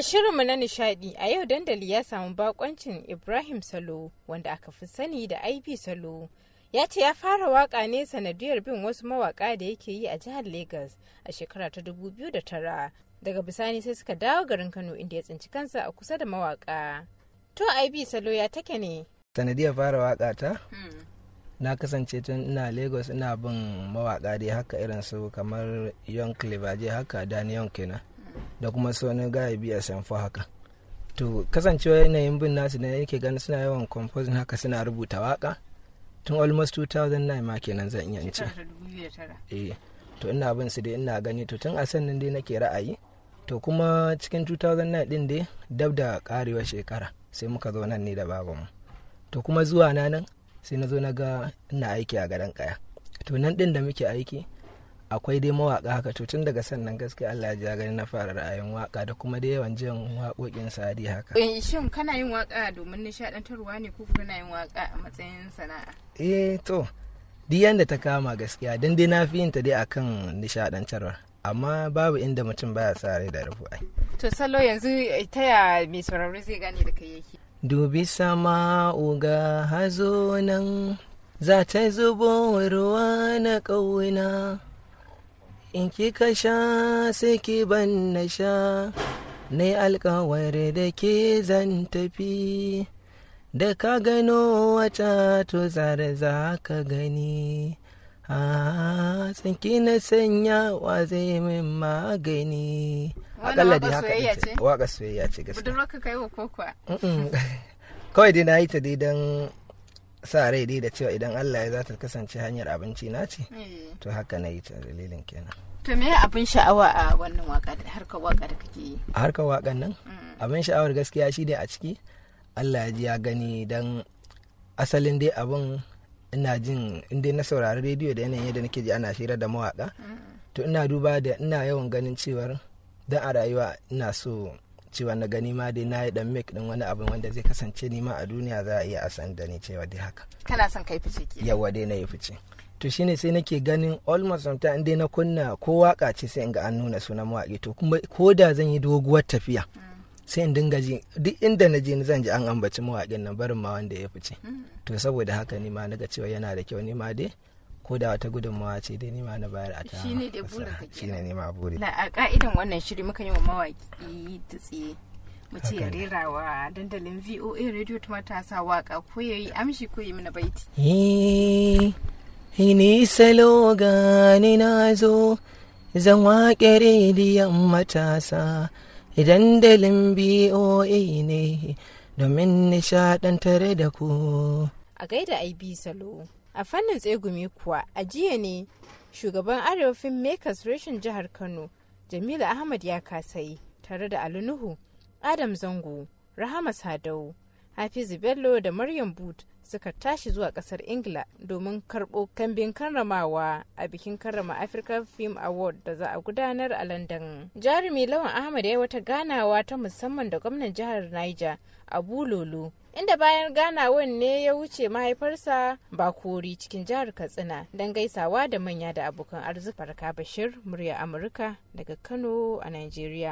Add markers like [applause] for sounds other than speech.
A shirinmu na nishadi a yau dandali ya samu bakoncin Ibrahim Salo wanda aka fi sani da IB Salo. Ya ce ya fara waka ne sanadiyar bin wasu mawaka da yake yi a jihar lagos a shekara ta 2009. Daga bisani sai suka dawo garin Kano inda ya tsinci kansa a kusa da mawaka. To IB Salo ya take ne? Sanadiyar fara waka ta? Hmm. Na kasance tun ina Lagos ina bin mawaka dai haka irin su kamar Yon Cleaver haka Daniel kenan. da kuma su wani gaibi a sanfa haka to kasancewa yanayin bin nasu da yake gani suna yawan composing haka suna rubuta waka tun almost 2009 ma kenan zan iya ce eh to ina bin su dai ina gani to tun a sannan dai nake ra'ayi to kuma cikin 2009 din dai dab da karewar shekara sai muka zo nan ne da babanmu to kuma zuwa na nan sai na zo na ga ina aiki a gadon kaya to nan din da muke aiki akwai dai mawaka haka to tun daga sannan gaskiya Allah ya gani na fara ra'ayin waka da kuma da yawan jin waƙoƙin sadi haka eh, shin kana yin waka domin nishaɗantarwa ne ko kana yin waka a matsayin sana'a eh to duk yanda ta kama gaskiya dan dai na fi yin ta dai akan nishaɗantarwa amma babu inda mutum baya sa rai da rufu ai to salo yanzu eh, ta ya mai sauraro zai gane da kai yake dubi sama uga hazo nan za ta zubo ruwa na ƙauna in kika sha sai ki ban na sha na yi alkawari da ke zan tafi da ka gano wata to zare za ka gani a tsinki na sanya wa zai min magani akalla dai haka ce waka soyayya ce gaskiya budurwa ka kai wa kokwa [laughs] kawai dai na yi ta dai don sa rai dai da cewa idan Allah ya za ta kasance hanyar abinci na ce to haka na yi dalilin kenan to me abin sha'awa a wannan waka harkar waka da kake yi a harkar wakan nan mm. abin sha'awar gaskiya shi ne a ciki Allah ya ji ya gani dan asalin dai abin ina jin inda na saurari rediyo da yanayin yadda nake ji ana shirar da mawaka mm. to ina duba da ina yawan ganin cewar dan a rayuwa ina so cewa na gani ma dai na yi dan make din wani abin wanda zai kasance ni ma a duniya za a iya a san da ni cewa dai haka kana son kai fice ke yawa dai na yi fice to shine sai nake ganin almost time dai na kunna ko waka ce sai in ga an nuna sunan mawaki to kuma ko da zan yi doguwar tafiya sai in dinga ji duk inda na je zan ji an ambaci mawaƙin nan barin ma wanda ya fice mm. to saboda haka ni ma ga cewa yana da kyau ni ma dai ko da wata gudunmawa ce dai nima na bayar a ta dai burin ka nima buri a ka'idan wannan shiri muka yi wa mawaki ta tsiye mace ya rera wa dandalin VOA radio ta matasa waka ko yayi amshi ko yi mana baiti eh ni salo gani na zo zan waƙe rediyon matasa dandalin BOA ne domin nishaɗantar da ku. A gaida IB Salo. a fannin tsegumi kuwa a jiya ne shugaban arewa film makers reshen jihar kano jamila ahmad ya kasayi tare da alunuhu adam zango rahama sadau hafizu bello da maryam booth suka tashi zuwa kasar ingila domin karbo kambin karramawa a bikin karrama african film award da za a gudanar a london jarumi lawan ahmad ya wata ganawa ta musamman da gwamnan jihar niger abu lolo inda bayan ganawan ne ya wuce mahaifarsa bakori cikin jihar katsina don gaisawa da manya da abokan arziki farka bashir murya amurka daga kano a nigeria